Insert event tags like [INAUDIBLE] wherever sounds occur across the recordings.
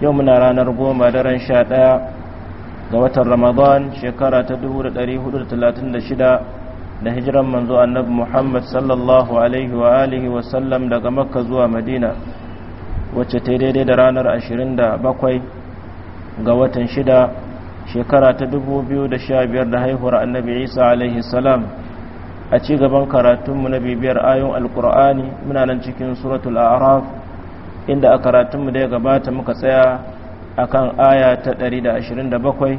yau muna ranar goma daren sha ɗaya ga watan ramadan shekara ta 436 da hijiran manzo annabi muhammad sallallahu alaihi wa alihi wasallam daga makka zuwa madina wacce ta daidai da ranar 27 ga watan shida shekara ta 2015 da haihuwar annabi isa alaihi salam a ci gaban karatunmu na bibiyar ayon alkur'ani muna nan cikin suratul araf inda a karatunmu da ya gabata muka tsaya a kan aya ta 127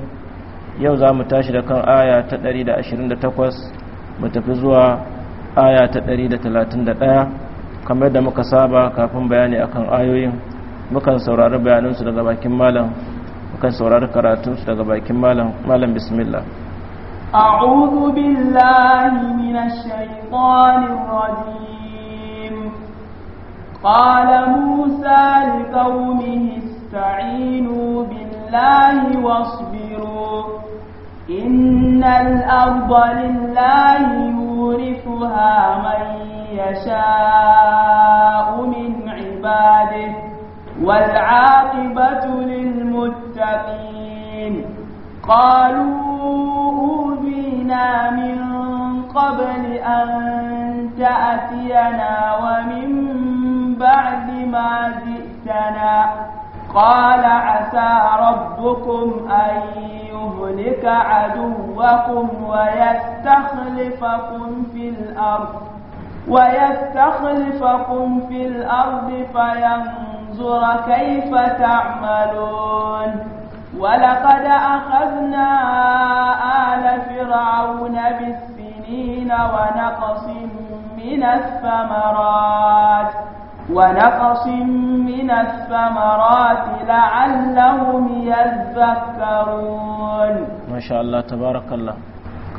yau za mu tashi da kan aya ta 128 mu tafi zuwa aya ta 131 kamar da muka saba kafin bayani a kan ayoyin mukan saurari bayanansu daga bakin malam mukan saurari karatunsu daga bakin malam malam bismillah أعوذ بالله من الشيطان الرجيم قال موسى لقومه استعينوا بالله واصبروا إن الأرض لله يورثها من يشاء من عباده والعاقبة للمتقين قالوا أوذينا من قبل أن تأتينا ومن بعد ما جئتنا قال عسى ربكم أن يهلك عدوكم ويستخلفكم في الأرض ويستخلفكم في الأرض فينظر كيف تعملون ولقد أخذنا آل فرعون بالسنين ونقص من الثمرات ونقص من الثمرات لعلهم يذكرون ما شاء الله تبارك الله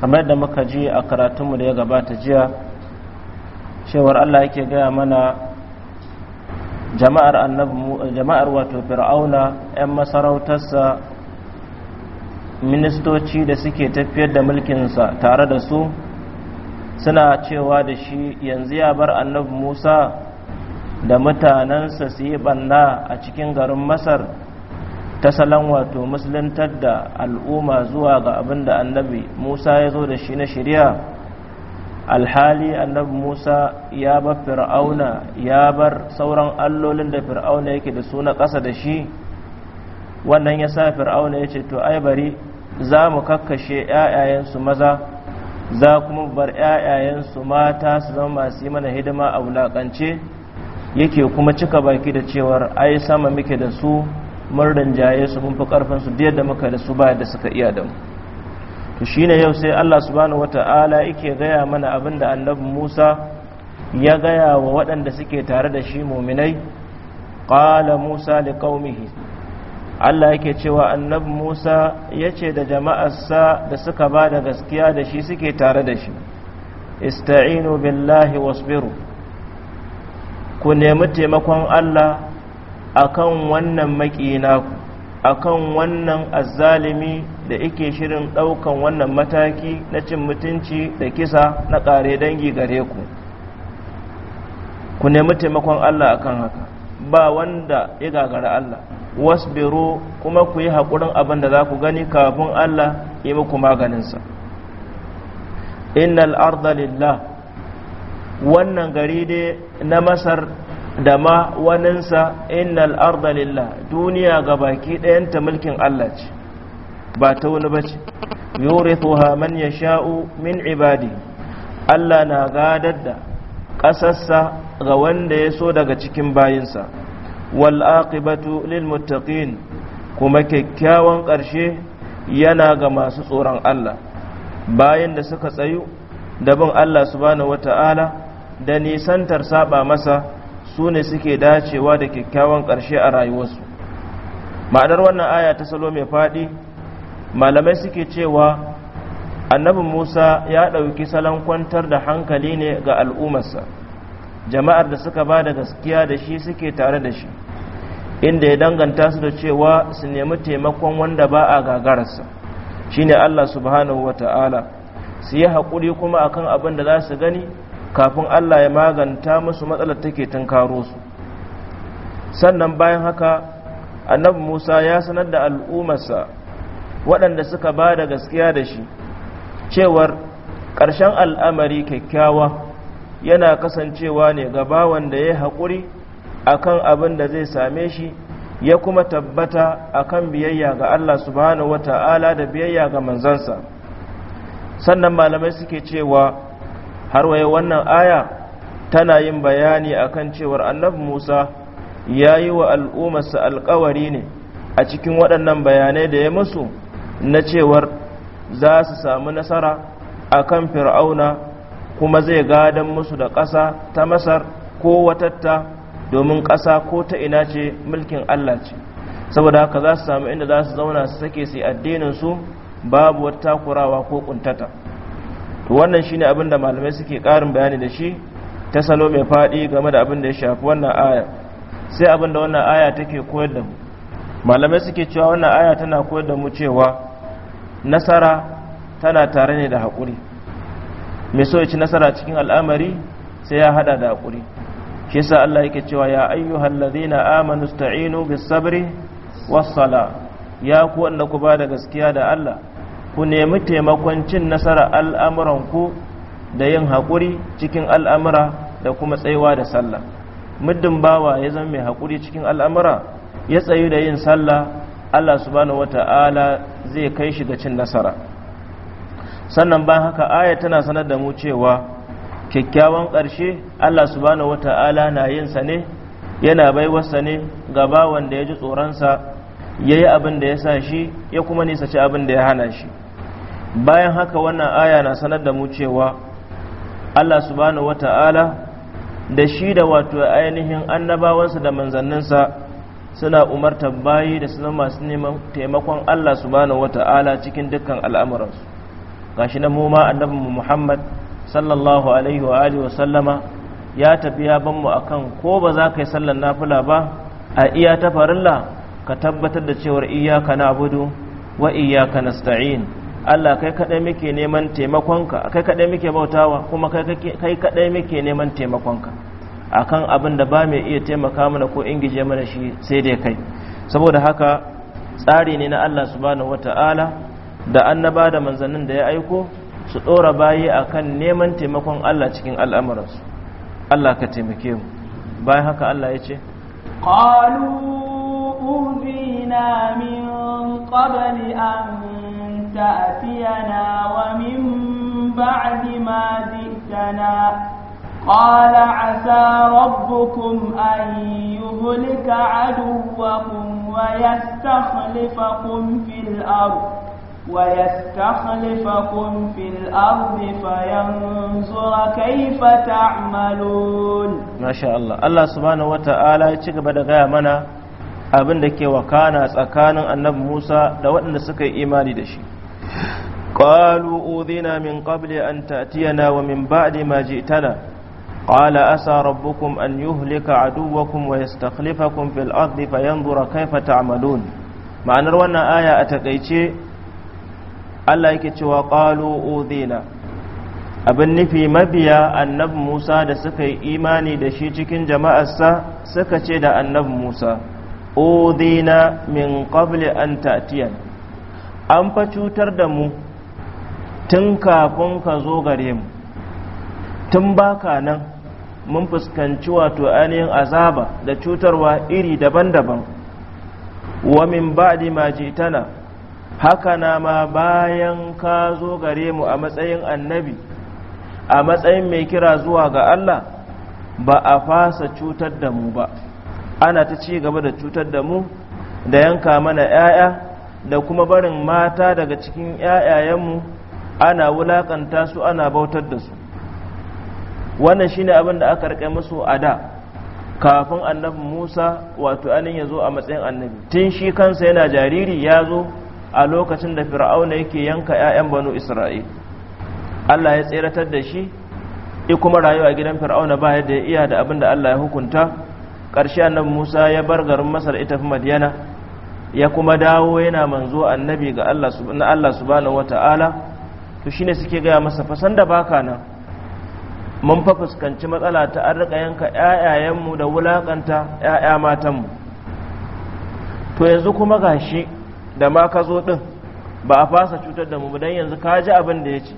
kamar da muka ji a karatunmu da ya gabata jiya cewar Allah yake gaya mana jama'ar annabi jama'ar wato fir'auna 'yan masarautarsa ministoci da suke tafiyar da mulkinsa tare da su suna cewa da shi yanzu ya bar annabi musa da mutanensa su yi banna a cikin garin masar ta salon wato musuluntar da al'umma zuwa ga abin da annabi musa ya zo da shi na shirya alhali annabi musa ya bar fir'auna ya bar sauran allolin da fir'auna yake da su na ƙasa da shi wannan ya sa fir'auna ya ce to ai bari za mu kakkashe 'ya'yayensu maza za kuma bar 'ya'yayensu mata su zama masu yi mana hidima a wulaƙance yake kuma cika baki da cewar ai sama muke da su murdan jaye su mun fi karfin su da muka da su ba da suka iya da mu to shine yau sai Allah subhanahu wata'ala yake gaya mana abin da annabi Musa ya gaya wa waɗanda suke tare da shi muminai qala Musa liqaumihi Allah yake cewa annabi Musa yace da jama'arsa da suka ba da gaskiya da shi suke tare da shi ista'inu billahi wasbiru ku nemi taimakon Allah akan wannan makina ku akan wannan azzalimi da ike shirin ɗaukan wannan mataki na cin mutunci da kisa na ƙare dangi gare ku ku nemi taimakon Allah akan haka ba wanda ya gagara Allah wasbiru kuma ku yi haƙurin abin da za ku gani kafin Allah yi muku maganinsa innal arda lillah wannan gari dai na masar da ma waninsa innal arda lillah duniya ga baki ɗayanta mulkin Allah ce ba ta wani ba ce yurithuha man yasha'u min ibadi Allah na gadar da ƙasarsa ga wanda ya so daga cikin bayinsa wal aqibatu lil muttaqin kuma kyakkyawan ƙarshe yana ga masu tsoron Allah bayan da suka tsayu da bin Allah subhanahu wata'ala da nisantar saba masa su ne suke dacewa da kyakkyawan ƙarshe a rayuwarsu ma'anar wannan aya ta salo mai faɗi malamai suke cewa annabin musa ya ɗauki salon kwantar da hankali ne ga al'ummarsa jama'ar da suka ba da gaskiya da shi suke tare da shi inda ya danganta su da cewa su nemi taimakon wanda ba a gagararsa shine allah subhanahu wa ta'ala su yi haƙuri kuma akan abin da za su gani kafin Allah ya maganta musu matsalar take tunkaro su sannan bayan haka annabi Musa ya sanar da al'ummarsa waɗanda suka ba da gaskiya da shi cewar ƙarshen al'amari kyakkyawa yana kasancewa ne gaba wanda da ya haƙuri a kan abin da zai same shi ya kuma tabbata a kan biyayya ga Allah subhanahu wata'ala da biyayya ga manzansa sannan malamai suke cewa har waye wannan aya tana yin bayani akan cewar annabi Musa ya yi wa al'ummarsa alkawari ne a cikin waɗannan bayanai da ya musu na cewar za su samu nasara akan fir'auna kuma zai gadan musu da ƙasa ta masar ko watatta domin ƙasa ko ta ina ce mulkin Allah ce saboda haka za su samu inda za su zauna su sake su addinin su babu wata takurawa ko ƙuntata. to wannan shine abin da malamai suke ƙarin bayani da shi ta salo mai faɗi game da abin da ya shafi wannan aya sai abin da wannan aya take koyar da mu malamai suke cewa wannan aya tana koyar da mu cewa nasara tana tare ne da haƙuri mai so ci nasara cikin al'amari sai ya hada da haƙuri shi yasa Allah yake cewa ya ayyuhal ladhina amanu ista'inu bis sabri was ya ku wanda ku ba da gaskiya da Allah ku nemi taimakon cin nasara ku da yin haƙuri cikin al'amura da kuma tsayuwa da sallah muddin bawa ya zama mai haƙuri cikin al'amura ya tsayu da yin sallah Allah subhanahu wata'ala zai kai shi ga cin nasara sannan ba haka aya tana sanar da mu cewa kyakkyawan ƙarshe Allah subhanahu wata'ala na yin sa ne yana baiwarsa ne ga bawan da ya ji tsoronsa ya yi abin da ya sa shi ya kuma nisaci abin da ya hana shi bayan haka wannan aya na sanar da mu cewa allah subhanahu wata'ala da shi da wato ainihin annabawansa da manzanninsa suna umartar bayi da suna masu neman taimakon allah subhanahu wata'ala cikin dukkan al'amuransu gashi na mu ma annabinmu muhammad sallallahu alaihi wa alihi wa sallama ya tafi ya banmu akan ko ba za ka yi sallar nafila ba a iya ta farilla ka tabbatar da cewar iyaka na abudu wa iyaka na sta'in. Allah kai kadai muke neman taimakonka kai kadai muke bautawa kuma kai kaɗai muke neman taimakonka akan abin da ba mai iya taimaka mana ko ingije mana shi sai dai kai saboda haka tsari ne na Allah subhanahu wata'ala da annaba da manzannin da ya aiko su ɗora bayi akan neman taimakon Allah cikin al'amuransu Allah ka taimake mu bayan haka Allah ya ce qalu أوذينا من قبل أن تأتينا ومن بعد ما جئتنا قال عسى ربكم أن يهلك عدوكم ويستخلفكم في الأرض ويستخلفكم في الأرض فينظر كيف تعملون ما شاء الله الله سبحانه وتعالى يتشكب دقاء منا abin da ke wakana tsakanin annabi Musa da waɗanda suka yi imani da shi qalu udhina min qabli an ta'tiyana wa min ba'di ma ji'tana qala asa rabbukum an yuhlika aduwakum wa yastakhlifakum fil ardi fayanzura kayfa ta'malun ma'anar wannan aya a takeice Allah yake cewa qalu udhina abin nufi mabiya annabi Musa da suka yi imani da shi cikin jama'arsa suka ce da annabi Musa udina min qabli an ta'tiyan an fa cutar da mu tun kafin ka zo gare mu tun baka nan mun fuskanci wato ainihin azaba da cutarwa iri daban-daban wa min ba'di ma jitana haka na ma bayan ka zo gare mu a matsayin annabi a matsayin mai kira zuwa ga Allah ba a fasa cutar da mu ba ana ta ci gaba da cutar da mu da yanka mana 'ya'ya da kuma barin mata daga cikin 'ya'yayenmu ana wulakanta su ana bautar da su wannan shine abin da aka rike musu a da kafin annabi musa wato anin ya zo a matsayin annabi tun shi kansa yana jariri ya zo a lokacin da fir'auna yake yanka 'ya'yan banu isra'il allah ya tseratar da shi kuma rayuwa gidan fir'auna ba yadda ya iya da abin da allah ya hukunta ƙarshe annabi musa ya bar garin masar ita fi madiyana ya kuma dawo yana manzo annabi ga allah subhanahu wata'ala to shine suke gaya masa fasan da baka nan mun fa fuskanci matsala ta an rika yanka ƴaƴayenmu da wulakanta ƴaƴa matanmu to yanzu kuma gashi da ma ka zo din ba a fasa cutar da mu dan yanzu ka ji abin da ya ci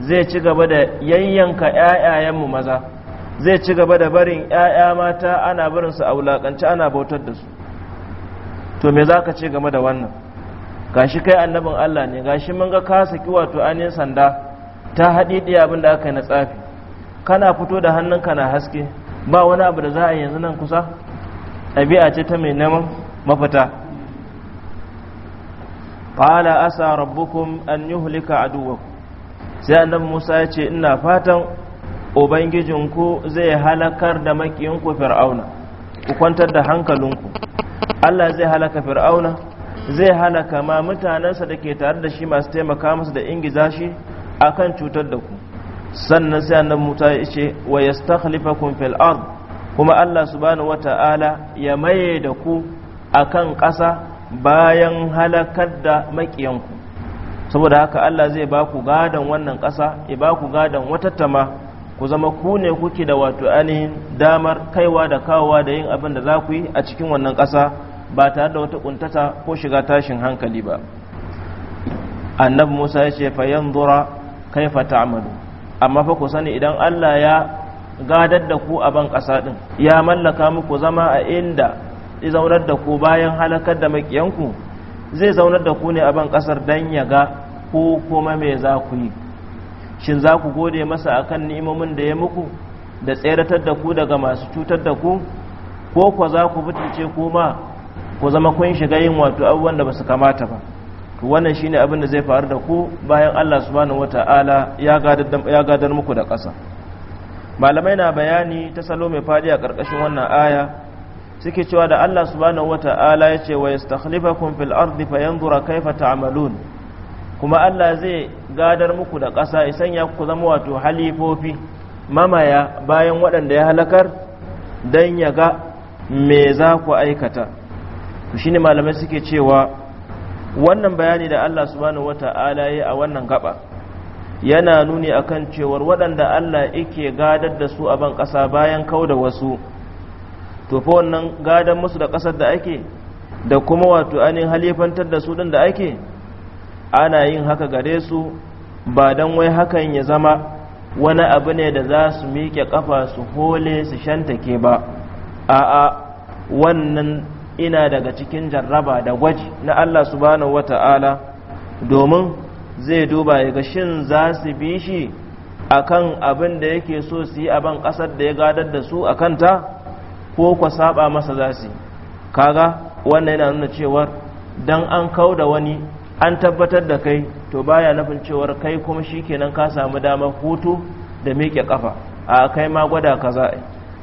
zai ci gaba da yayyanka ƴaƴayenmu maza zai ci gaba da barin 'ya'ya mata ana barinsu a wulaƙance ana bautar da su to me za ka ce game da wannan gashi kai annabin allah ne gashi mun ga kasa saki wato ainihin sanda ta haɗi ɗaya abin da aka yi na tsafi kana fito da hannunka na haske ba wani abu da za a yanzu nan kusa ɗabi'a ce ta mai neman mafita ƙala asa rabbukum an yi hulika a duwa sai annabin Musa ya ce ina fatan ubangijinku zai halakar da makiyinku fir'auna ku kwantar da hankalinku Allah zai halaka fir'auna zai halaka ma mutanensa da ke tare da shi masu taimaka masa da ingiza shi kan cutar da ku sannan sai annan muta ya ce wa ya yastakhlifakum kun fil'ar kuma Allah subhanahu wata'ala ya maye da ku akan ƙasa bayan halakar da makiyanku saboda haka Allah zai ba ku gadon wannan ƙasa ya ba ku gadon wata tama. ku zama ku ne kuke da wato ainihin damar kaiwa da kawowa da yin abin da za ku yi a cikin wannan ƙasa ba tare da wata ƙuntata ko shiga tashin hankali ba annabi musa ya ce fa kai fata amalu amma fa ku sani idan Allah ya gadar da ku a ban ƙasa din ya mallaka muku zama a inda zaunar da ku bayan halakar da makiyanku zai zaunar da ku ne a ban ƙasar dan ya ga ko kuma me za ku yi shin za ku gode masa a akan ni'imomin da ya muku da tseratar da ku daga masu cutar da ku ko kwa za ku butulce ku ma ku zama kun shiga yin wato abubuwan da ba su kamata ba to wannan shine abin da zai faru da ku bayan Allah subhanahu wataala ya gadar muku da ƙasa malamai na bayani ta salo mai fadi a ƙarƙashin wannan aya suke cewa da Allah subhanahu wataala ya ce wa yastakhlifakum fil ardi fayanzura kaifa ta'malun kuma Allah zai gadar muku da ƙasa ya ku zama wato halifofi mamaya bayan waɗanda ya halakar don ya ga me za ku aikata shi ne malamai suke cewa wannan bayani da Allah subhanahu wata ya a wannan gaba yana nuni akan cewar waɗanda Allah yake gadar da su a ban ƙasa bayan kau da wasu to fa wannan gadar musu da ƙasar da ake da kuma wato ainihin halifantar da su ɗin da ake ana yin haka gare su ba don wai hakan ya zama wani abu ne da za su miƙe ƙafa su hole su shantake ba a'a wannan ina daga cikin jarraba da gwaji na Allah subhanahu wata'ala domin zai duba ya ga shin za su bi shi akan abin da yake so su yi a banƙasar ƙasar da ya gadar da su a kanta ko kwa saba masa za su yi? kaga wannan yana nuna cewar don an kau da wani an tabbatar da kai to baya nufin cewar kai kuma shikenan ka samu damar hutu da miƙe kafa a kai ma gwada ka za'a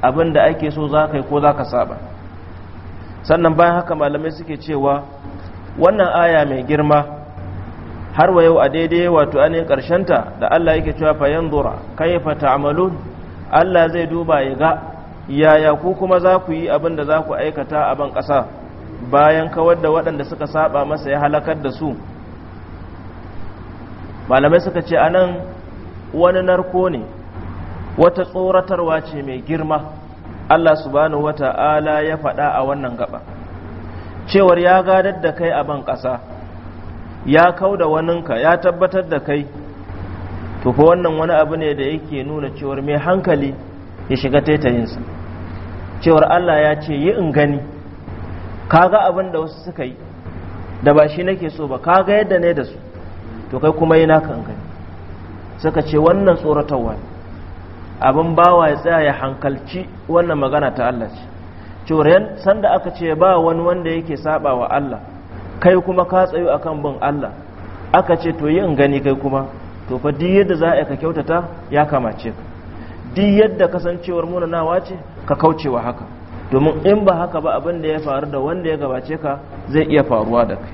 abin da ake so za ka ko za ka saba sannan bayan haka malamai suke cewa wannan aya mai girma har wa yau a daidai wato ƙarshen ta, da Allah yake cewa fayan zura kayfa ta'malun Allah zai duba ya ga yaya ku kuma za ku yi abin da za ku aikata a ban ƙasa bayan kawar da waɗanda suka saba masa ya halakar da su malamai suka ce a nan wani narko ne wata tsoratarwa ce mai girma Allah su subhanahu ala ya faɗa a wannan gaba cewar ya gadar da kai a ban ƙasa ya kau da waninka ya tabbatar da kai Tufa wannan wani abu ne da yake nuna cewar mai hankali ya shiga taitayinsa cewar Allah ya ce yi in gani kaga abin da wasu suka yi da ba shi nake so ba kaga yadda ne da su to kai kuma yana kan gani suka ce wannan tsoratarwa ne abin bawa ya tsaya ya hankalci wannan magana ta Allah ce cewar sanda aka ce ba wani wanda yake saba wa Allah kai kuma ka tsayo akan bin Allah aka ce to yi in gani kai kuma to fa duk yadda za a ka kyautata ya kamace ka duk yadda kasancewar munanawa ce ka kaucewa haka domin in ba haka ba abin da ya faru da wanda ya gabace ka zai iya faruwa da kai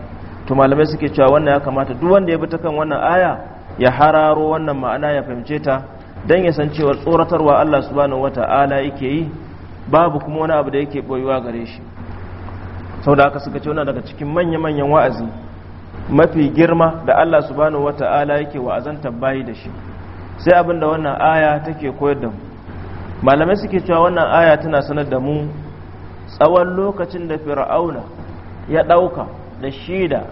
to malamai suke cewa wannan ya kamata duk wanda ya bi ta kan wannan aya ya hararo wannan ma'ana ya fahimce ta dan ya san cewa tsoratarwa Allah subhanahu wata'ala yake yi babu kuma wani abu da yake boyuwa gare shi saboda haka suka ce wannan daga cikin manya-manyan wa'azi mafi girma da Allah subhanahu wata'ala yake wa'azantar bayi da shi sai abin da wannan aya take koyar da mu malamai suke cewa wannan aya tana sanar da mu tsawon lokacin da fir'auna ya ɗauka da shida da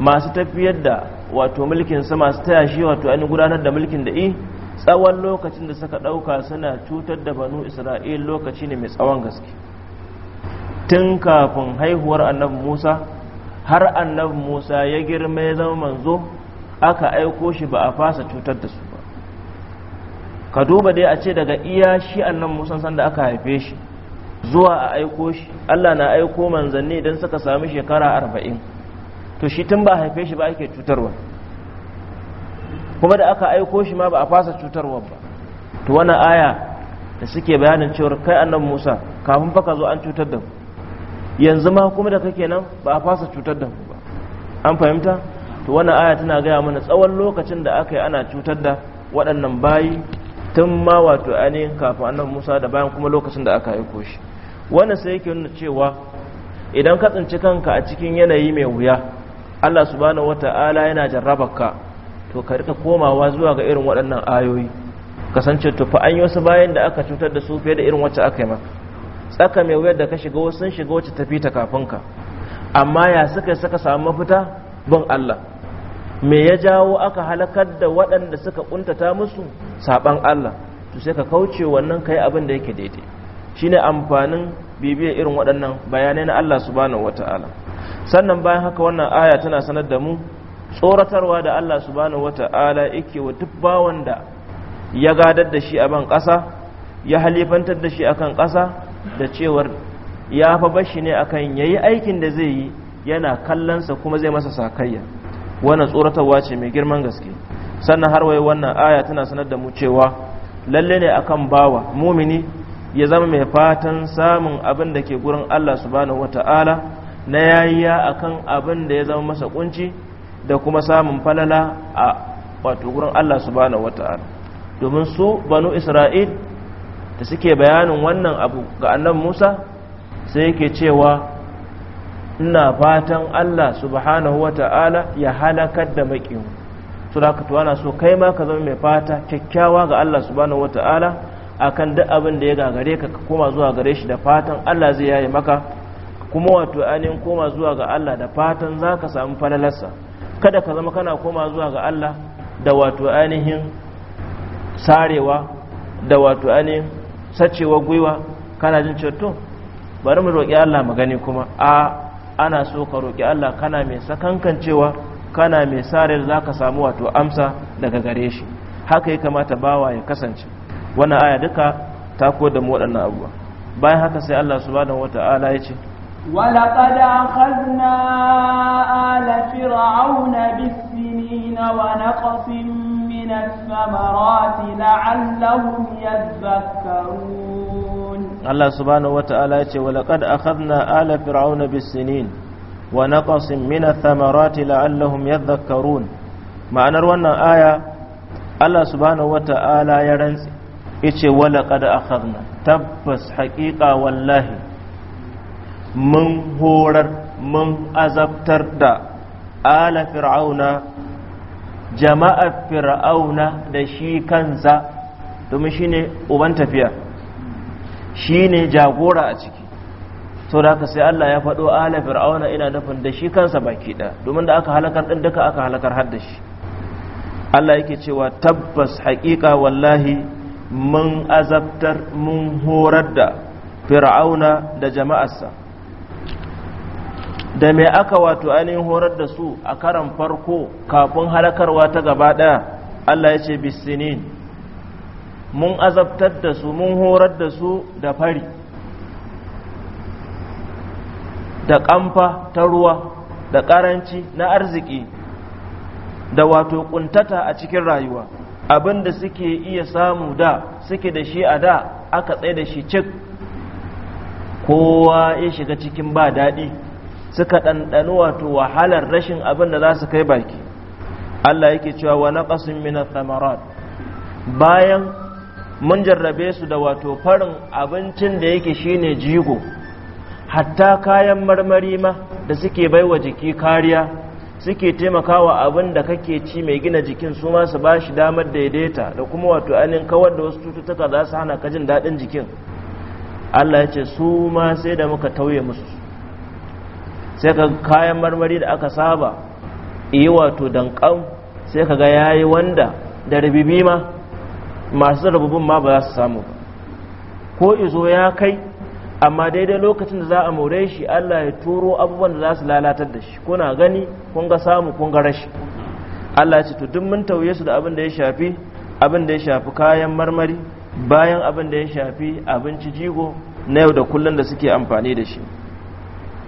masu tafiyar da wato mulkin sa masu taya shi wato an gudanar da mulkin da i tsawon lokacin da suka ɗauka suna cutar da banu isra'il lokaci ne mai tsawon gaske tun kafin haihuwar annabi musa har annabi musa ya girma ya zama manzo aka aiko shi ba a fasa cutar da su ba ka duba dai a ce daga iya shi annabi musa sanda aka haife shi zuwa a aiko shi Allah na aiko manzanni idan suka sami shekara arba'in to shi tun ba haife shi ba ake cutarwa kuma da aka aiko shi ma ba a fasa cutarwa ba to wani aya da suke bayanin cewar kai annan musa kafin baka zo an cutar da yanzu ma kuma da kake nan ba a fasa cutar da ba an fahimta to wani aya tana gaya mana tsawon lokacin da aka yi ana cutar da waɗannan bayi tun ma wato ainihin kafin annan musa da bayan kuma lokacin da aka aiko shi wannan sai yake nuna cewa idan ka tsinci kanka a cikin yanayi mai wuya Allah subhanahu wata'ala yana jarrabarka to ka rika komawa zuwa ga irin waɗannan ayoyi kasance tufa an yi wasu bayan da aka cutar da su fiye da irin wacce aka yi maka tsaka mai wuyar da ka shiga wasu sun shiga wacce tafi ta kafin ka amma ya suka yi suka samu mafita bin Allah me ya jawo aka halakar da waɗanda suka ƙuntata musu saban Allah to sai ka kauce wannan kai abin da yake daidai shine amfanin bibiyar irin waɗannan bayanai na Allah subhanahu wata'ala sannan bayan haka wannan aya tana sanar da mu tsoratarwa da Allah subhanahu wata'ala yake wa duk bawan da ya gadar da shi a ban ƙasa ya halifantar da shi akan ƙasa da cewar ya fa bashi ne akan yayi aikin da zai yi yana kallonsa kuma zai masa sakayya wannan tsoratarwa ce mai girman gaske sannan har wai wannan aya tana sanar da mu cewa lalle ne akan bawa mumini ya zama mai fatan samun abin da ke gurin Allah subhanahu wata'ala na yayiya akan abin da ya zama masa kunci da kuma samun falala a wato gurin Allah subhanahu wata'ala domin su banu Isra'il da suke bayanin wannan abu ga annabi Musa sai yake cewa ina fatan Allah subhanahu wata'ala ya halakar da maƙiyu su da so kai ma ka zama mai fata kyakkyawa ga Allah subhanahu wata'ala akan duk abin da ya gagare ka ka koma zuwa gare shi da fatan Allah zai yaye maka kuma wato ainihin koma zuwa ga Allah da fatan za ka samu falalarsa kada ka zama kana koma zuwa ga Allah da wato ainihin sarewa da wato ainihin sacewa gwiwa kana jin ceto bari mu roƙi Allah mu gani kuma a ana so ka roƙi Allah kana mai sakankan sakankancewa kana mai sarewa za ka samu wato amsa daga gare shi haka ya kamata bawa ya kasance wannan aya duka ta ko da mu waɗannan abubuwa bayan haka sai Allah subhanahu wata'ala ya ce ولقد أخذنا آل فرعون بالسنين ونقص من الثمرات لعلهم يذكرون الله سبحانه وتعالى ولقد أخذنا آل فرعون بالسنين ونقص من الثمرات لعلهم يذكرون ma'anar wannan aya Allah subhanahu wata'ala ya rantsi yace wala qad akhadna tabbas haqiqa wallahi mun horar mun azabtar da ala fir'auna jama'a fir'auna da shi kansa domin shine uban tafiya shine jagora a ciki to da haka sai Allah ya faɗo ala fir'auna ina nufin da shi kansa baki da domin da aka halakar din duka aka halakar har da shi Allah yake cewa tabbas haƙiƙa wallahi mun azabtar mun horar da fir'auna da jama'arsa da me aka wato ainihin horar da su a karan farko kafin halakarwa ta gaba ɗaya allah ya ce bisinin mun azabtar da su mun horar da su da fari da ƙamfa ta ruwa da ƙaranci na arziki da wato ƙuntata a cikin rayuwa abin da suke iya samu da suke da shi a da aka tsaye da shi cik kowa ya shiga cikin ba daɗi suka ɗanɗani wato wahalar rashin abin da za su kai baki Allah yake cewa wa naqasin min ath bayan mun jarrabe su da wato farin abincin da yake shine jigo hatta kayan marmari ma da suke baiwa jiki kariya suke taimakawa abin da kake ci mai gina jikin su ma su ba shi damar daidaita da kuma wato ainihin kawar da wasu cututtuka za su hana ka jin daɗin jikin Allah ya ce su ma sai da muka tauye musu sai ka kayan marmari da aka saba yi wato dankan sai ka ga yayi wanda da rabibi ma masu rabubin ma ba za su samu ba ko izo ya kai amma daidai lokacin da za a more shi Allah ya turo abubuwan da za su lalatar da shi kuna gani kun ga samu kun ga rashi Allah ya ce to duk mun tauye su da abin da ya shafi abin da ya shafi kayan marmari bayan abin da ya shafi abinci jigo na yau da kullun da suke amfani da shi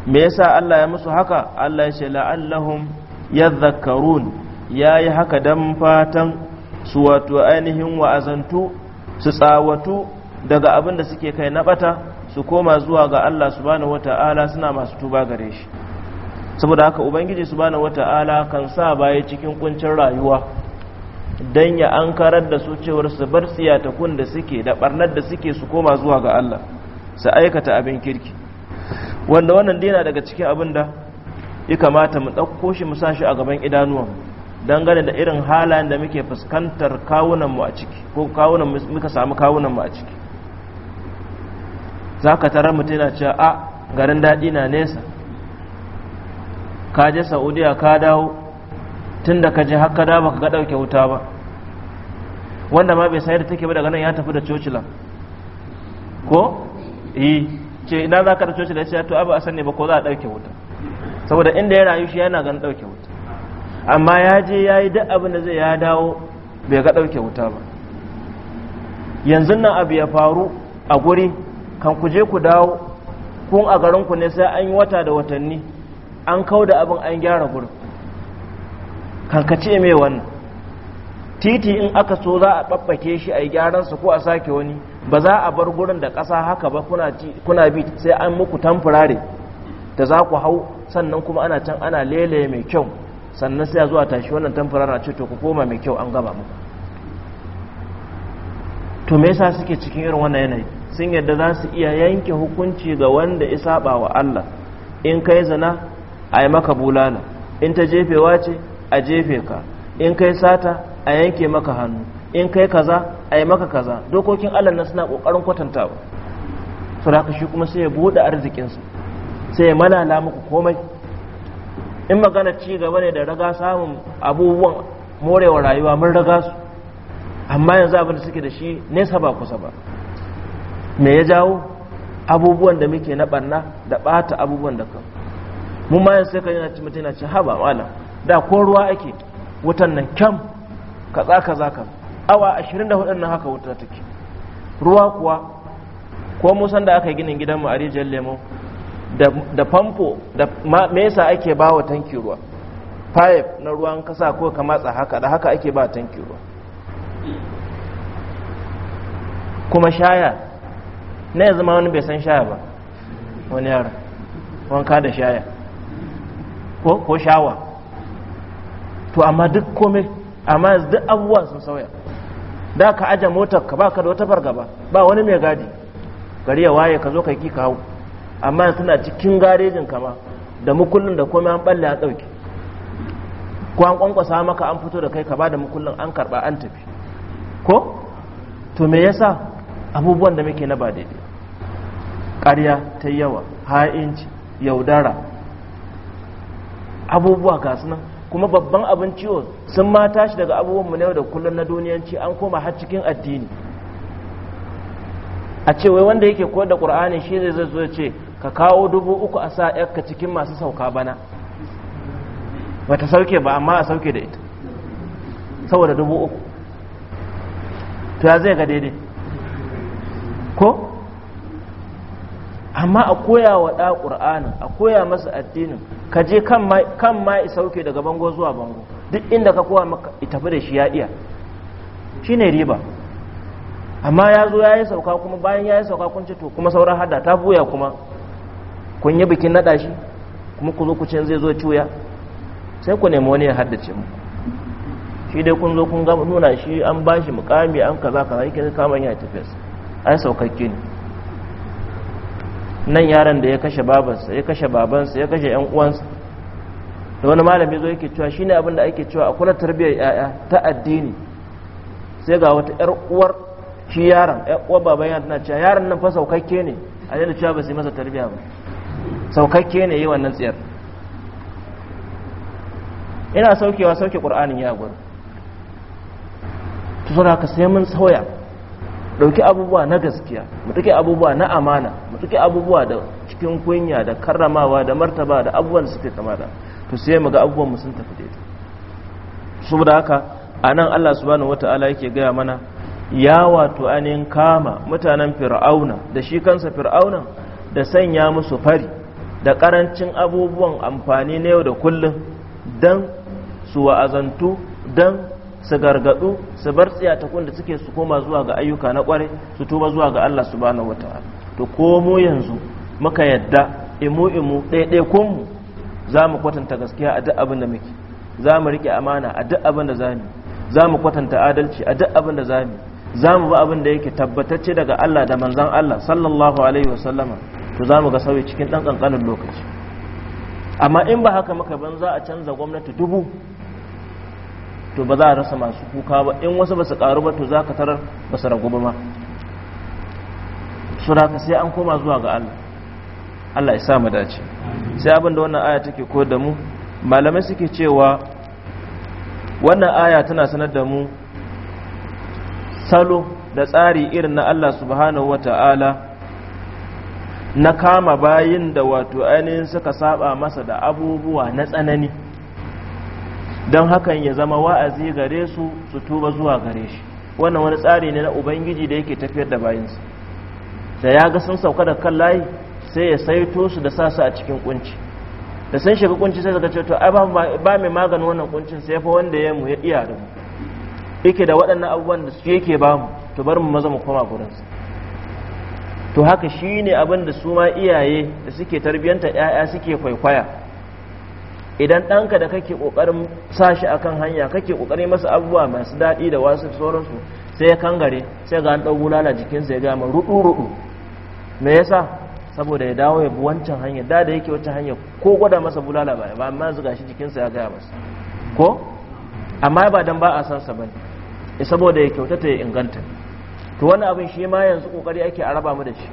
me yasa Allah ya musu haka Allah ya ce la'allahum yadhakkarun yayi haka dan fatan su wato ainihin wa'azantu su tsawatu daga abin da suke kai na bata su koma zuwa ga Allah subhanahu wata'ala suna masu tuba gare shi saboda haka ubangiji subhanahu wata'ala kan sa baya cikin kuncin rayuwa dan ya ankarar da su cewar su bar siyatakun da suke da barnar da suke su koma zuwa ga Allah su aikata abin kirki wanda wannan dina daga cikin abin da ya kamata mu ɗauko shi mu sa shi a gaban idanuwan dangane da irin halayen da muke fuskantar kawunanmu a ciki ko kawunan muka samu kawunanmu a ciki za ka tarar mutum yana cewa a ah, garin daɗi na nesa ka je saudiya ka dawo tun da ka je haka da ba ka ga ɗauke wuta ba wanda ma bai sayar da take ba daga nan ya tafi da cocila ko yi eh. ce ina za ka da cocila ya ce to abu a sani ba ko za a ɗauke wuta saboda inda ya rayu shi yana ganin ɗauke wuta amma ya je ya yi duk abin da zai ya dawo bai ga ɗauke wuta ba yanzu nan abu ya faru a guri kan ku je ku dawo kun a garinku ne sai an yi wata da watanni an kau da abin an gyara gurin kan ka ce mai wannan titi in aka so za a babbake shi a yi gyaransa ko a sake wani ba za a bar gurin da ƙasa haka ba kuna bi sai an muku tamfurare da za ku hau sannan kuma ana can ana lele mai kyau sannan sai a zuwa tashi wannan tamfurare a to ku koma mai kyau an gaba muku to me yasa suke cikin irin wannan yanayi sun yadda za su iya yanke hukunci ga wanda ya saba wa Allah in kai zina a yi maka bulala in ta jefewa ce a jefe ka in kai sata a yanke maka hannu in kai kaza a yi maka kaza dokokin Allah na suna kokarin kwatantawa su da shi kuma sai ya buɗe arzikinsa sai ya malala muku komai in magana ci gaba ne da raga samun abubuwan morewa rayuwa mun raga su amma yanzu abin da suke da shi nesa ba kusa ba me ya jawo abubuwan da muke na barna da bata abubuwan da kan mun ma sai kan yana ci mutane yana ci haba malam da ko ruwa ake wutan nan kyam kaza kaza kan awa 24 nan haka wuta take ruwa kuwa ko san da aka yi ginin gidan mu a rijiyar lemo da famfo da mesa ake ba wa tanki ruwa pipe na ruwan kasa ko ka matsa haka da haka ake ba tanki ruwa kuma shaya na yanzu ma wani bai san shaya ba wani yara wanka da shaya ko shawa to amma duk komai amma duk abubuwa sun sauya da ka aja motar ka ka da wata fargaba ba wani mai gadi gari ya waye ka zo ka ki ka hau amma suna cikin garejin kama da mukullin da komai an balle a dauke ko an kwankwasa maka an fito da kai ka ba da mukullin an karba an tafi ko to me yasa abubuwan da muke na ba daidai ƙarya ta yawa ha'inci yaudara abubuwa ga nan kuma babban abin ciwo sun ma tashi daga abubuwanmu na yau da kullum na duniyanci an koma har cikin addini a ce wai wanda yake koyar da ƙur'ani shi zai zo ce ka kawo dubu uku a sa ka cikin masu sauka bana bata sauke ba amma a sauke da ita saboda dubu uku to ya zai ga daidai ko amma a koya wa ɗa ƙur'anin a koya masa addinin ka je kan ma sauke daga bango zuwa bango duk inda ka kowa maka tafi da shi ya iya shi ne riba amma ya zo ya yi sauka kuma bayan ya yi sauka kun ce to kuma sauran hada ta buya kuma kun yi bikin naɗa shi kuma ku zo ku ce zai zo cuya sai ku nemi wani ya haddace mu shi dai kun zo kun nuna shi an bashi mukami an kaza kaza yake kama ya tafiya ai saukakke ne nan yaron da ya kashe babansa ya kashe babansa ya kashe yan uwansa da wani malami zo yake cewa shine abin da ake cewa a kula tarbiyyar yaya ta addini sai ga wata yar uwar shi yaran yar uwar baban yaron tana cewa yaron nan fa saukakke ne a da cewa ba su yi masa tarbiyya ba saukakke ne yi wannan tsiyar ina saukewa sauke qur'anin ya to saboda haka sai mun sauya ɗauki abubuwa na gaskiya mu dauki abubuwa na amana mu dauki abubuwa da cikin kunya da karramawa da martaba da abubuwan da suke kama da to sai mu ga abubuwan mu sun tafi daidai saboda haka anan Allah subhanahu wataala yake gaya mana ya wato anin kama mutanen fir'auna da shi kansa fir'auna da sanya musu fari da karancin abubuwan amfani na yau da kullun dan su wa'azantu dan su gargadu su bar tsiyatakun da suke su koma zuwa ga ayyuka na kware su tuba zuwa ga Allah subhanahu wataala to ko mu yanzu muka yadda imu imu ɗaiɗai kun za mu kwatanta gaskiya a duk abin da muke za mu riƙe amana a duk abin da za mu kwatanta adalci a duk abin da za mu ba abin da yake tabbatacce daga Allah da manzon Allah sallallahu alaihi wasallama to za mu ga sauyi cikin ɗan kankanin lokaci amma in ba haka muka ban za a canza gwamnati dubu to ba za a rasa masu kuka ba in wasu ba su karu ba to za ka tarar ba su ragu ba ma su sai an koma zuwa ga Allah Allah ya sa dace sai abin da wannan aya take ko da mu malamai suke cewa wannan aya tana sanar da mu salo da tsari irin na Allah subhanahu wata'ala na kama bayin da wato ainihin suka saba masa da abubuwa na tsanani don hakan ya zama wa'azi gare su su tuba zuwa gare shi wannan wani tsari ne na ubangiji da yake tafiyar da bayansa da ya ga sun sauka da kan layi sai ya saito su da sa a cikin kunci da sun shiga kunci sai zaka ce to ai ba mai maganin wannan kuncin sai fa wanda ya mu ya iya da mu yake da waɗannan abubuwan da su yake ba mu to bar mu maza mu koma gurinsa to haka shine abin da su ma iyaye da suke tarbiyanta 'ya'ya suke kwaikwaya idan ɗanka da kake ƙoƙarin sashi kan hanya kake ƙoƙarin masa abubuwa masu daɗi da wasu sauransu sai ya kangare sai ga an ɗau bulala jikinsa ya gama ruɗu-ruɗu me yasa saboda ya dawo ya bi wancan hanyar da da yake wancan hanyar ko gwada masa bulala ba ba amma zuga shi jikinsa ya gaya masa ko amma ba dan ba a san sa bane saboda ya kyautata ya inganta to wani abin shi ma yanzu kokari ake a raba mu da shi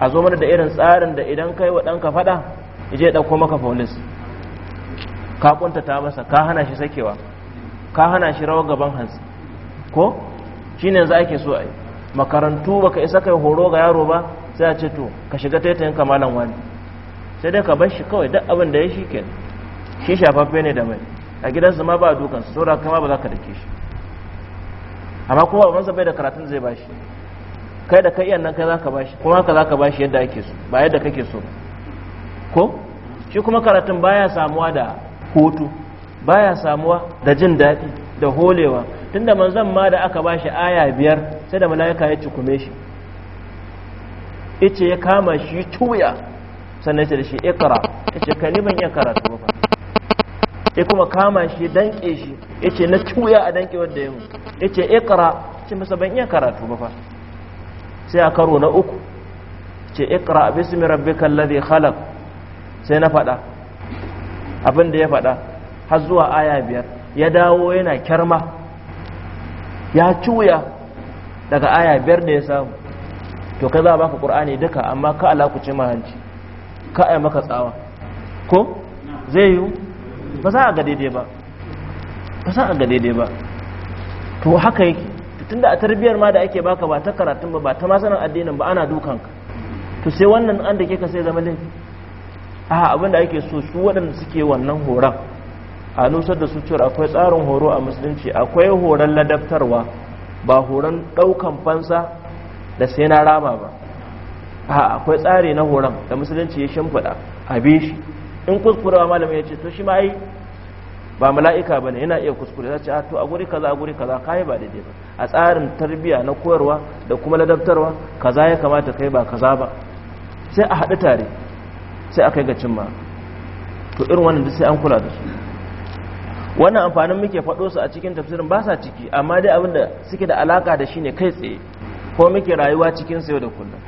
a zo mana da irin tsarin da idan kai wa ɗanka faɗa ya je ɗauko maka police ka kuntata masa ka hana shi sakewa ka hana shi rawar gaban hansu ko shi ne za ake so a yi makarantu ba ka isa kai horo ga yaro ba sai a ce to ka shiga taitayin kamalan wani sai dai ka bar shi kawai duk abin da ya shi ke shi shafafe ne da mai a gidansu ma ba a dukansu saboda kama ba za ka dake shi amma kuma babansa bai da karatun zai bashi kai da kai iyan nan kai za ka shi kuma haka za ka bashi yadda ake so ba yadda kake so ko shi kuma karatun baya samuwa da hutu baya samuwa da jin daɗi da holewa tunda manzan ma da aka ba shi aya biyar sai da mala'ika ya cikume shi ice ya kama shi tuya sannan ce da shi ikra ice kani ban iya karatu ba ya kuma kama shi danke shi ce na tuya a danke wanda ya ce ikra ce masa ban iya karatu ba fa sai a karo na uku ce ikra bismi rabbikal ladhi khalaq sai na fada abin da ya faɗa har zuwa aya biyar ya dawo yana kyarma ya cuya daga aya biyar da ya samu to ka za a baka ƙur'ani duka amma ka alakuci mahanci ka a maka tsawa ko zai yiwu ba za a ga daidai ba ba za a ga daidai ba to haka yake tunda a tarbiyar ma da ake baka ba ta karatun ba ba ta masanin addinin ba ana dukanka to sai wannan an da ke ka sai zama laifi a abinda ake so su waɗanda suke wannan horon a nusar da su cewar akwai tsarin horo a musulunci akwai horon ladabtarwa ba horon ɗaukan fansa da sai na rama ba a akwai tsari na horon da musulunci ya shimfiɗa a shi in kuskurewa malamin ya ce to shi ma yi ba mala'ika ba ne yana iya kuskure za ce a to a guri kaza a guri kaza kayi ba daidai ba a tsarin tarbiyya na koyarwa da kuma ladabtarwa kaza ya kamata kai ba kaza ba sai a haɗu tare sai aka yi ga cimma to irin wannan duk sai an kula da su wannan amfanin muke faɗo su a cikin tafsirin ba sa ciki amma dai abin da suke da alaka da shi ne kai tsaye ko muke rayuwa cikin sayo da kullum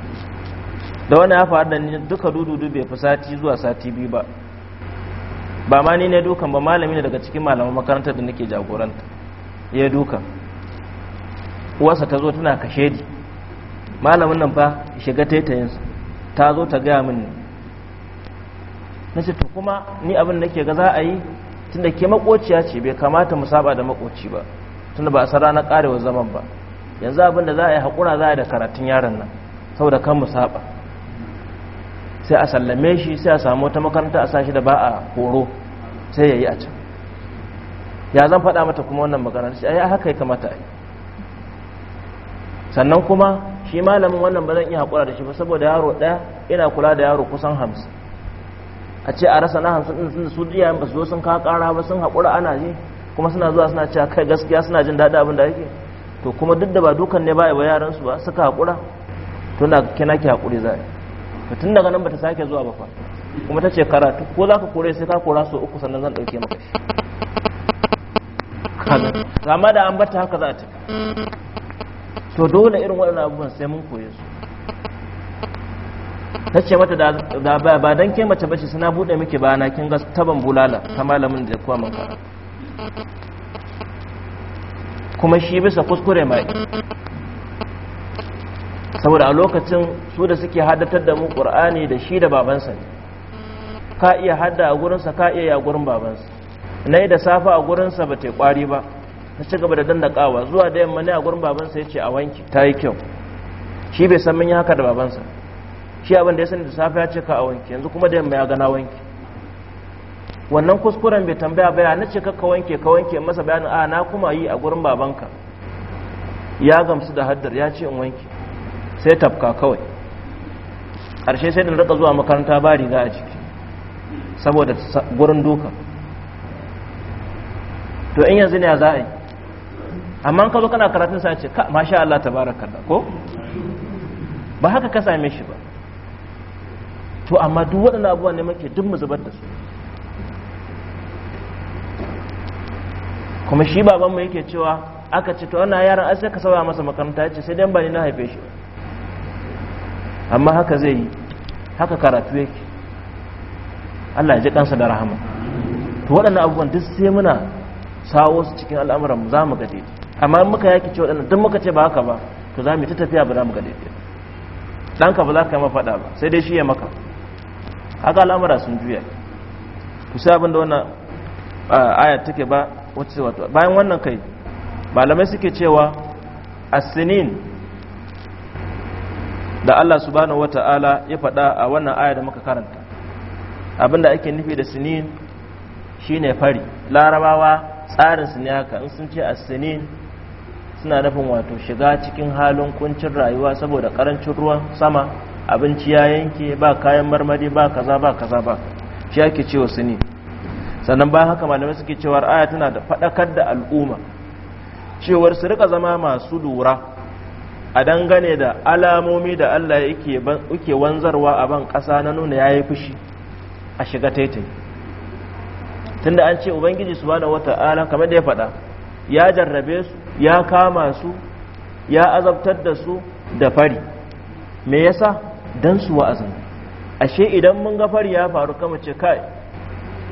da wani ya faru da ni duka dududu bai fi sati zuwa sati biyu ba ba ma ni ne dukan ba malami ne daga cikin malaman makarantar da nake jagoranta ya dukan uwarsa ta zo tana kashe di malamin nan fa shiga taitayinsa ta zo ta gaya min na ce to kuma ni abin da ke ga za a yi da ke makociya ce bai kamata mu saba da makoci ba tunda ba a san ranar karewa zaman ba yanzu abin da za a yi haƙura za a yi da karatun yaron nan saboda kan mu saba sai a sallame shi sai a samu wata makaranta a sashi da ba a horo sai ya yi a can ya zan faɗa mata kuma wannan maganar sai a haka ya kamata a yi sannan kuma shi malamin wannan ba zan iya haƙura da shi ba saboda yaro ɗaya ina kula da yaro kusan hamsin a ce a rasa na hamsin ɗin sun su iyayen ba su zo sun kawo ƙara ba sun haƙura ana ji kuma suna zuwa suna cewa kai gaskiya suna jin daɗa abin da yake to kuma duk da ba dukan ne ba ya yaran su ba suka haƙura to na kina ki haƙuri za ka tun daga nan ba ta sake zuwa ba fa kuma ta ce karatu ko za ka kore sai ka kora so uku sannan zan ɗauke maka shi kama da an bata haka za a tafi to dole irin waɗannan abubuwan sai mun koye su ta ce mata da ba don ke mace bace suna buɗe miki bana kin ga taban bulala ta malamin da kuwa manka kuma shi bisa kuskure mai saboda a lokacin su da suke haddatar da mu ƙur'ani da shi da babansa ne ka iya hadda a gurinsa ka iya ya gurin babansa na yi da safa a gurinsa ba ta kwari ba ta ci gaba da dandakawa zuwa da yamma ne a gurin babansa ya ce a wanki ta yi kyau shi bai san mun yi haka da babansa shi abin da ya sani da safe ya ce ka a wanke yanzu kuma da yamma ya gana wanke wannan kuskuren bai tambaya baya na ce ka wanke ka wanke masa bayanin a na kuma yi a gurin babanka ya gamsu da haddar ya ce in wanke sai tafka kawai ƙarshe sai da rika zuwa makaranta ba riga a ciki saboda gurin duka to in yanzu ne za a yi amma ka zo kana karatun sa ce ka masha Allah tabarakallah ko ba haka ka same shi ba to amma duk waɗannan abubuwan ne muke duk mu zubar da su kuma shi babanmu yake cewa aka ce to ana yaran ai ka saba masa makaranta yace sai dan ba ni na haife shi amma haka zai yi haka karatu yake Allah ya ji kansa da rahama to waɗannan abubuwan duk sai muna sawo su cikin al'amuran mu za mu ga daidai amma in muka yaki ce waɗannan duk muka ce ba haka ba to za mu ta tafiya ba za mu ga daidai ka ba za ka yi mafaɗa ba sai dai shi ya maka haka al'amura sun juya ku sai abin wannan ayat take ba wacce wato bayan wannan kai malamai suke cewa as-sinin da Allah subhanahu wata'ala ya faɗa a wannan aya da muka karanta abinda ake nufi da sinin shine fari larabawa tsarin su ne haka in sun ce as-sinin suna nufin wato shiga cikin halin kuncin rayuwa saboda karancin ruwan sama abinci ya yanke ba kayan marmari ba kaza ba kaza ba shi ake cewa su ne sannan ba haka malamai suke cewar aya tana da faɗakar da al'umma cewar su rika zama masu lura a dangane da alamomi da Allah yake wanzarwa a ban ƙasa na nuna yayi fushi a shiga taitai tunda an ce ubangiji su wata ala kamar da ya faɗa ya jarrabe su ya kama su ya azabtar da su da fari me yasa dan su wa'azin ashe idan mun ga fari ya faru kama ce kai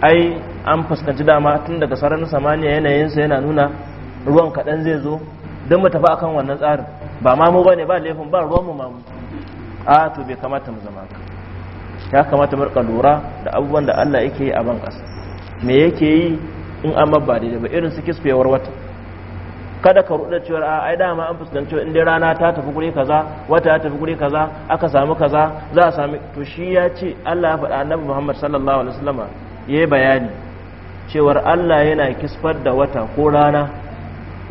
ai an fuskanci dama tun daga sararin samaniya yanayinsa yana nuna ruwan kaɗan zai zo don mu tafi akan wannan tsarin ba mamu ba ne ba laifin ba ruwan mu mamu a to bai kamata mu zama ka ya kamata mu rika lura da abubuwan da Allah yake yi a ban ƙasa me yake yi in an mabba daidai ba irin su kisfewar wata kada ka ruɗa cewa a ai dama an fuskanci in dai rana ta tafi guri kaza wata ta tafi guri kaza aka samu kaza za a sami to shi ya ce Allah ya faɗa annabi Muhammad sallallahu alaihi wasallam yayi bayani cewar Allah yana kisfar da wata ko rana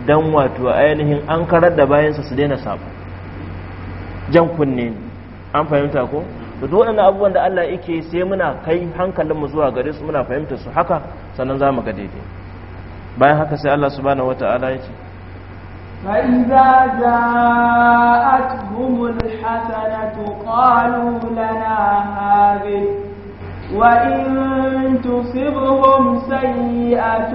dan wato ainihin an karar da bayansa su daina sabo jan kunne an fahimta ko to duk wannan abubuwan da Allah yake sai muna kai hankalin mu zuwa gare su muna fahimta su haka sannan za mu ga daidai bayan haka sai Allah subhanahu wataala ya ce فإذا جاءتهم الحسنة قالوا لنا هذه وإن تصبهم سيئة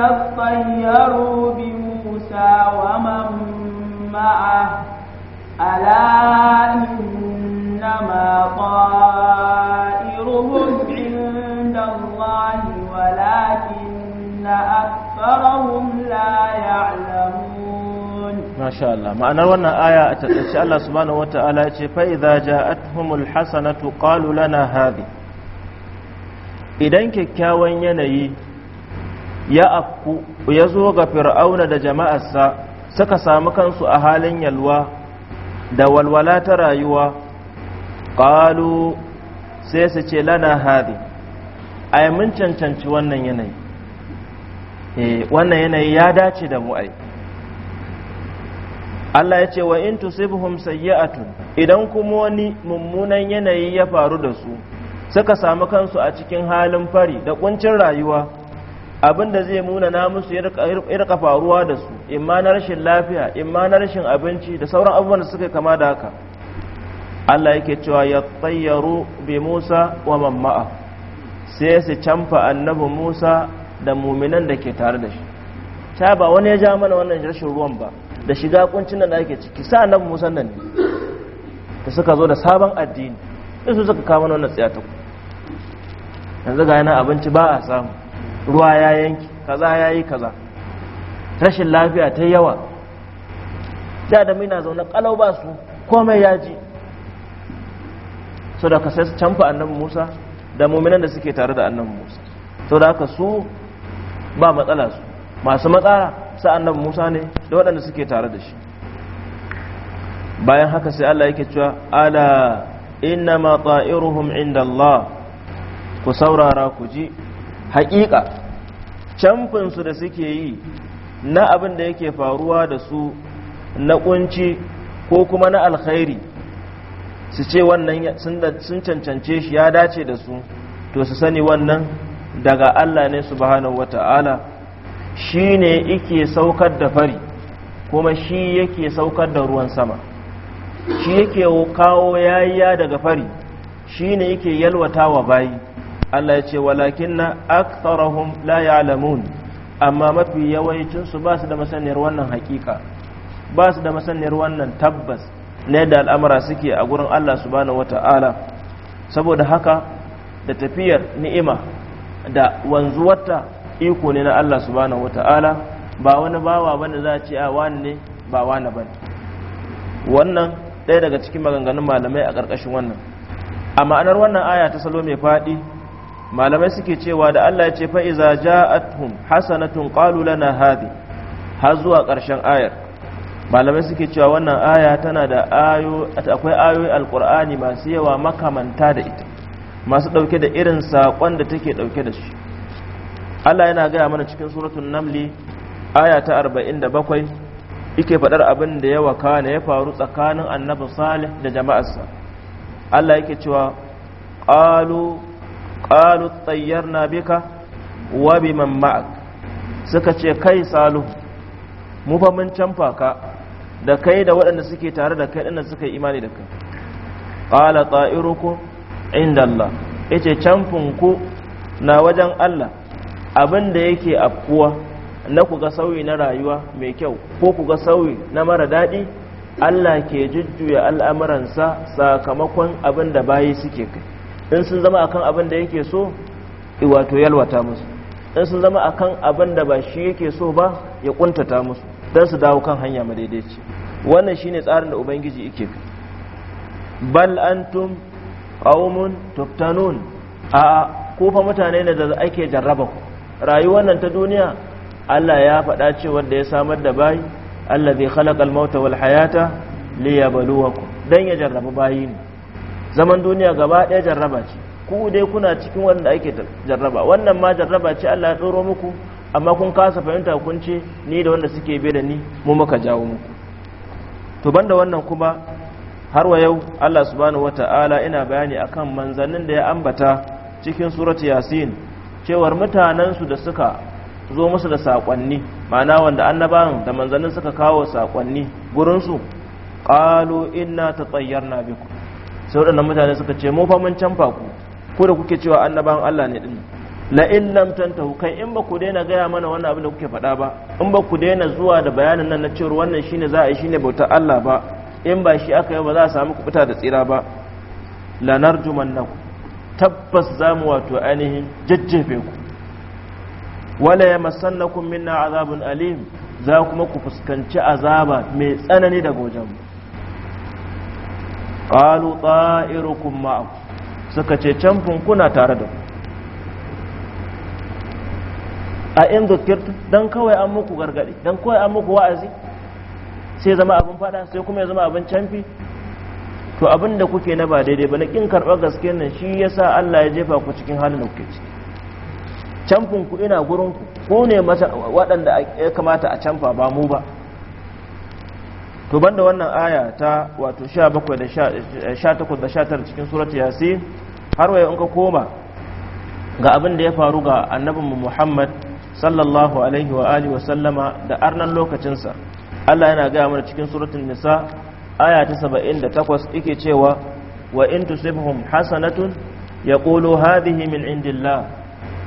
يطيروا بموسى ومن معه ألا إنما طائرهم عند الله ولكن أكثرهم لا يعلمون masha Allah ma'anar wannan aya a tattace Allah subhanahu wata'ala ya ce fa idza Hassanatu hasanatu ƙalula lana haɗi idan kyakkyawan yanayi ya afku ya zo ga fir'auna da jama'arsa suka samu kansu a halin yalwa da walwala ta rayuwa ƙalu sai su ce lana hadhi ai mun cancanci wannan yanayi eh, wannan yanayi ya dace da mu Allah ya ce wa in tusibhum sayyi'atun idan kuma wani mummunan yanayi ya faru da su suka samu kansu a cikin halin fari da kuncin rayuwa abin da zai muna na musu irka faruwa da su imma na rashin lafiya imma na rashin abinci da sauran abubuwan da suka kama da haka Allah yake cewa ya tsayyaru bi Musa wa mamma'a sai su canfa annabi Musa da muminan da ke tare da shi ta ba wani ya ja mana wannan rashin ruwan ba da shiga kuncin nan da ake ciki sa annabi musan nan ne da suka zo da sabon addini sai su suka kama wannan tsaya ta yanzu ga yana abinci ba a samu ruwa ya yanki kaza ya yi kaza rashin lafiya ta yawa da da mina zaune kalau ba su komai ya ji sau da ka sai su canfa annabi musa da muminan da suke tare da annabi musa sau da haka su ba matsala su masu matsala Sa'an nan Musa ne da waɗanda suke tare da shi bayan haka sai Allah yake cewa ala inna ma ta’iruhun inda Allah ku saurara ku ji haƙiƙa camfinsu da suke yi na abin da yake faruwa da su na ƙunci ko kuma na alkhairi su ce wannan sun cancance shi ya dace da su to su sani wannan daga Allah ne subhanahu wata'ala shi ne ike saukar da fari kuma shi yake saukar da ruwan sama shi yake kawo yayya daga fari shi ne yake yalwata wa bayi Allah ya ce walakin na aktharahum laye alamun amma mafi yawancinsu ba su da masaniyar wannan hakika ba su da masaniyar wannan tabbas na yadda al'amura suke a gurin Allah su bane wata'ala saboda haka da tafiyar ni'ima da wanzuwarta iko ne na Allah subhanahu wata'ala ba wani bawa ba ne za a ce a wani ne ba wani ba. wannan ɗaya daga cikin maganganun malamai a ƙarƙashin wannan a ma'anar wannan aya ta salo mai faɗi malamai suke cewa da Allah ya ce faiza iza tun hasanatun ƙalula lana haɗi, har zuwa ƙarshen ayar malamai suke cewa wannan aya tana da ayo akwai ayoyi alqur'ani masu yawa makamanta da ita masu ɗauke da irin saƙon da take ɗauke da shi Allah yana gaya mana cikin suratun namli aya ta arba'in da bakwai ike faɗar abin da ya wakana ya faru tsakanin annabi salih da jama'arsa Allah yake cewa ƙalu ƙalu tsayyar na bika wa bi ma'ak suka ce kai salu mu fa mun canfa ka da kai da waɗanda suke tare da kai ɗinnan suka yi imani da kai ƙala ta'irukum inda Allah yace canfin ku na wajen Allah abin da yake afkuwa na kuga sauyi na rayuwa mai kyau ko kuga sauyi na mara daɗi Allah ke jujjuya al'amuransa sakamakon abin da bayi suke kai in sun zama akan abin da yake so wato yalwata musu in sun zama akan abin da ba shi yake so ba ya ƙuntata musu don su dawo kan hanya madaidaici wannan shine tsarin da ubangiji yake kai bal qaumun tuftanun a ko fa mutane da ake jarraba ku rayuwar nan ta duniya Allah ya faɗa ce wanda ya samar da bayi Allah zai khalaqal mauta wal hayata ku. dan ya jarraba bayi ne zaman duniya gaba ɗaya jarraba ce ku dai kuna cikin wanda ake jarraba wannan ma jarraba ce Allah ya tsoro muku amma kun kasa fahimta kun ce ni da wanda suke bai da ni mu muka jawo muku to banda wannan kuma har wa yau Allah subhanahu wata'ala ina bayani akan manzannin da ya ambata cikin surati yasin cewar mutanensu da suka zo musu da sakonni mana wanda annabawan da manzannin suka kawo saƙonni gurinsu ƙalo inna ta tsayyar na biku sai waɗannan mutane suka ce mu fa mun canfa ku ko da kuke cewa annabawan Allah ne din la in lam tantahu kai in ba ku daina gaya mana wannan abin da kuke faɗa ba in ba ku daina zuwa da bayanin nan na cewar wannan shine za a yi shine bauta Allah ba in ba shi aka yi ba za a samu fita da tsira ba lanarjumannakum tabbas za mu wato ainihin jajjefe ku wala ya masannakun minna azabun alim za kuma ku fuskanci azaba mai tsanani daga wajen ƙalu tsa'irukum ma'aku suka ce canfin kuna tare da ku a in zukirtu don kawai an muku gargaɗi don kawai an muku wa'azi sai zama abin fada sai kuma ya zama abin canfi to abin da kuke na ba daidai ba na kin karɓar gaske nan shi yasa Allah ya jefa ku cikin halin da kuke ciki ku ina gurin ku ko ne waɗanda ya kamata a canfa ba mu ba to banda wannan aya ta wato 17 da 18 da 19 cikin surat yasin har waye in ka koma ga abin da ya faru ga annabinmu Muhammad sallallahu alaihi wa alihi wa sallama da arnan lokacinsa Allah yana gaya mana cikin suratul nisa aya ta 78 yake cewa wa in tusibhum hasanatun yaqulu hadhihi min indillah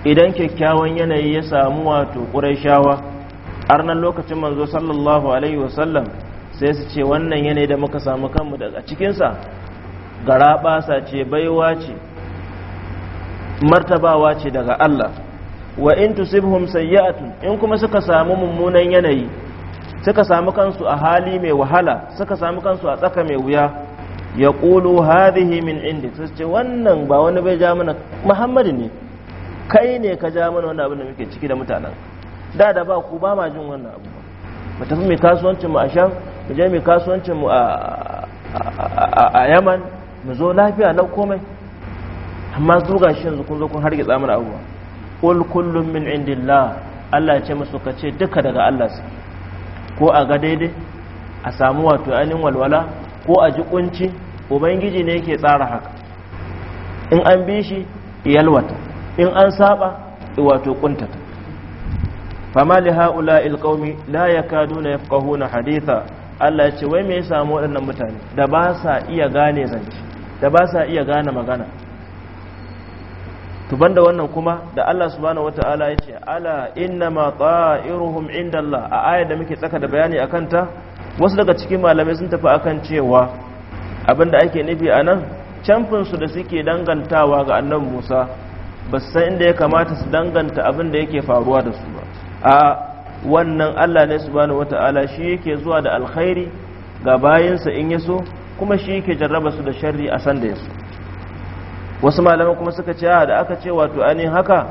idan kyakkyawan yanayi ya samu wato qurayshawa arnan lokacin manzo sallallahu alaihi wasallam sai su ce wannan yanayi da muka samu kanmu daga cikin sa garaba ce baiwa ce martabawa ce daga Allah wa in tusibhum sayyi'atun in kuma suka samu mummunan yanayi suka samu kansu a hali mai wahala suka samu kansu a tsaka mai wuya ya ƙulu hadhihi min indi su ce wannan ba wani bai ja mana muhammadu ne kai ne ka ja mana wani abin muke ciki da mutanen da da ba ku ba ma jin wannan abu mu tafi mai kasuwancin mu a sham mu je mai kasuwancin mu a yaman mu zo lafiya lau komai amma su ga shi yanzu kun zo kun hargitsa mana abubuwa qul kullum min indillah Allah ya ce musu kace duka daga Allah suke ko a ga daidai a samu wato ainihin walwala ko a ji kunci ubangiji ne yake tsara haka in an bi shi yalwata in an saba wato kuntata fama li haula kaduna la yakaduna na haditha Allah ya ce wai me ya samu waɗannan mutane da ba sa iya gane zance da ba sa iya gane magana to banda wannan kuma da Allah subhanahu wata'ala ya ce ala inna ma ta'iruhum Allah a ayar da muke tsaka da bayani akan ta wasu daga cikin malamai sun tafi akan cewa abinda ake nufi a nan su da suke dangantawa ga annabi Musa ba san inda ya kamata su danganta abin da yake faruwa da su ba a wannan Allah ne subhanahu wata'ala shi yake zuwa da alkhairi ga bayinsa in yaso kuma shi yake jarraba su da sharri a san da yaso wasu malamai kuma suka ce da aka ce wato ainihin haka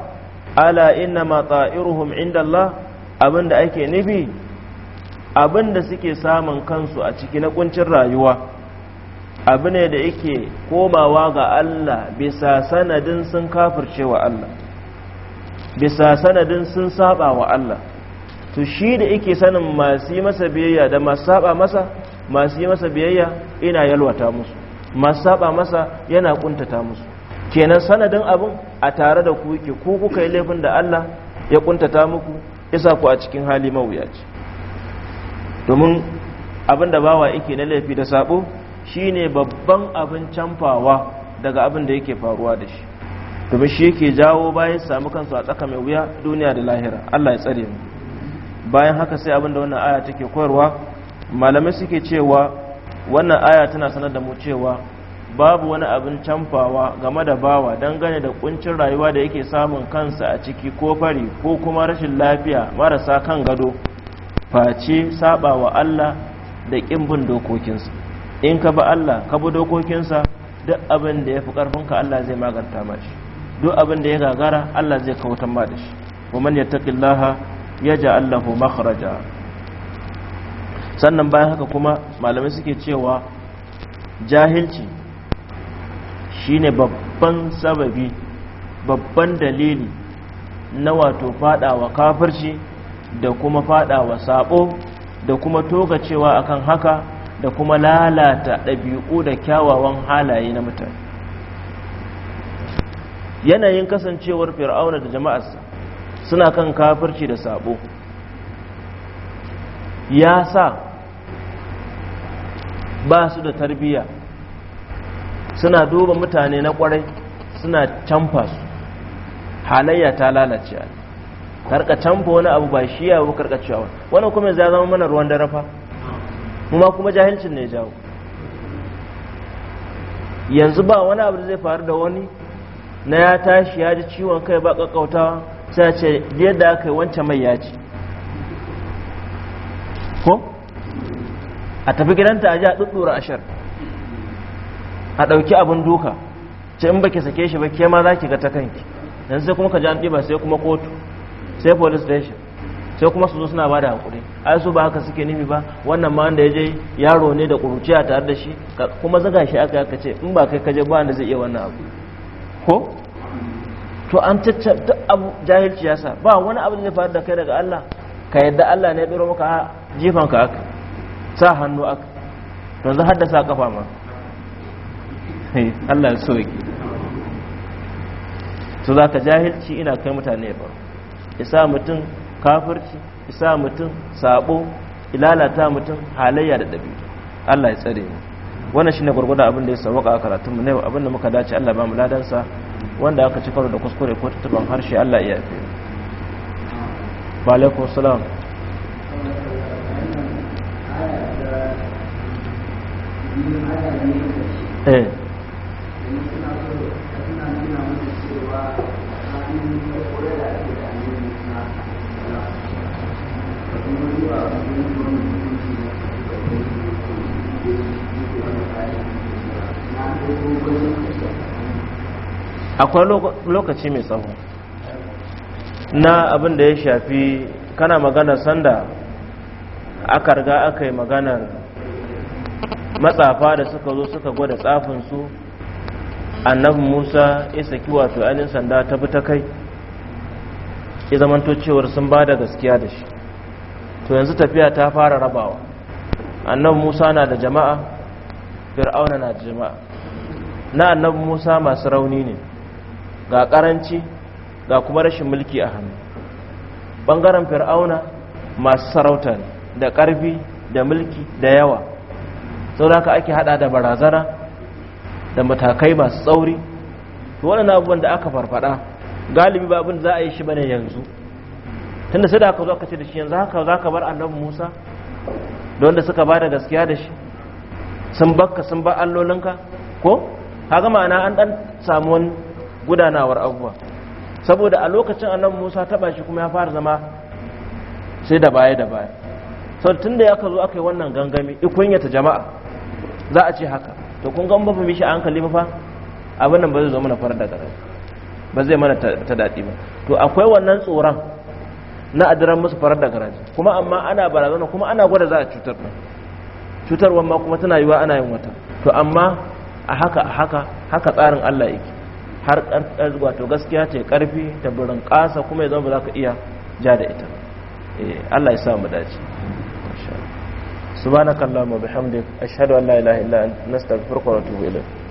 ala inna ma ta'iruhum inda Allah abinda ake nufi abinda suke samun kansu a ciki na kuncin rayuwa abu ne da yake komawa ga Allah bisa sanadin sun kafirce wa Allah bisa sanadin sun saba wa Allah to shi da yake sanin masu yi masa biyayya da masu saba masa masu yi masa biyayya ina yalwata musu masu saba masa yana kuntata musu kenan sanadin abin a tare da kuke ku kuka yi laifin da Allah ya kuntata muku isa ku a cikin hali mawuyaci domin abin da bawa yake na laifi da sabo shine babban abin canfawa daga abin da yake faruwa da shi domin shi yake jawo bayan samu kansu a tsaka mai wuya duniya da lahira Allah ya tsare mu bayan haka sai abin da wannan aya take koyarwa malamai suke cewa wannan aya tana sanar da mu cewa babu wani abin canfawa game da bawa dangane da kuncin rayuwa da yake samun kansa a ciki ko fari ko kuma rashin lafiya marasa kan gado face saba wa Allah da ƙin bin dokokinsa in ka bi Allah ka bi dokokinsa duk abin da ya fi ƙarfinka Allah zai maganta ma shi duk abin da ya gagara Allah zai kawutan ma da shi laha ya ja Allah ko مخرجا sannan bayan haka kuma malamai suke cewa jahilci shine babban sababi babban dalili na wato fadawa kafirci da kuma fadawa sabo da kuma toga cewa akan haka da kuma lalata ɗabi'u da kyawawan halaye na mutane yanayin kasancewar fir'auna da jama'arsa suna kan kafirci da sabo ya sa ba su da tarbiyya suna duba mutane na kwarai suna canfa su halayya ta lalace a karka canfa wani abu ba shi yawo karka cewa wani kuma ya zama mana ruwan dara fa kuma kuma jahilcin ne jawo yanzu ba wani abu da zai faru da wani na ya tashi ya ji ciwon kai ba kakkautawa sai ce yadda aka yi wancan mai ya ci ko a tafi gidanta a ji a ɗuɗɗura ashirin. a ɗauki abin duka ce in baki sake shi ba ke ma za ki ga ta kanki yanzu sai kuma ka ji an sai kuma kotu sai police station sai kuma su zo suna ba da hakuri ai su ba haka suke nufi ba wannan ma wanda ya je yaro ne da kuruciya tare da shi kuma zaga shi aka aka ce in ba kai ka je ba wanda zai iya wannan abu ko to an tacce duk abu jahilci ya sa ba wani abu da zai faru da kai daga Allah ka yadda Allah ne ya dora maka jifan ka aka sa hannu aka yanzu haddasa kafa ma [LAUGHS] Allah so yake to zaka jahilci ina kai mutane ya faru isa mutum kafirci isa mutum sabo ilalata mutum halayya da dabi'u Allah ya tsare mu wannan shine gurgurda abin da ya sauka a karatun mu ne abin da muka dace Allah ba mu ladan sa wanda aka ci karo da kuskure ko tutuban harshe Allah ya yafe wa alaikum salam eh akwai lokaci mai tsawo na abin da ya shafi kana magana sanda aka riga aka yi maganar matsafa da suka zo suka gwada tsafinsu annabi musa ya saki wato ainihin sanda ta bi ta kai ya zamanto cewar sun ba da gaskiya da shi to yanzu tafiya ta fara rabawa annabi musa na da jama'a fir'auna na da jama'a na annabi musa masu rauni ne ga karanci ga kuma rashin mulki a hannu bangaren fir'auna masu sarauta da ƙarfi da mulki da yawa sau da ake hada da barazana da matakai masu tsauri waɗannan abubuwan da aka farfada galibi ba abin za a yi shi bane yanzu tunda sai da aka zo aka ce da shi yanzu haka za ka bar annabi musa da wanda suka ba da gaskiya da shi sun bakka sun ba allolinka ko haka ma'ana an dan samu wani gudanawar abubuwa saboda a lokacin annabi musa taɓa shi kuma ya fara zama sai da baya da baya sau tun da ya ka zo aka yi wannan gangami ikunyata jama'a za a ce haka to kun gan ba mishi a hankali ba fa abin nan ba zai zo mana farar da ba zai mana ta daɗi ba to akwai wannan tsoron na adiran musu farar da garaji kuma amma ana barazana kuma ana gwada za a cutar da cutarwar ma kuma tana yiwa ana yin wata to amma a haka a haka haka tsarin Allah yake har wato gaskiya ce ƙarfi ta burin ƙasa kuma ya zama ba za ka iya ja da ita eh, Allah ya sa mu dace subhanakallahumma bihamdik ashhadu an la ilaha illa anta nastaghfiruka wa atubu ilayk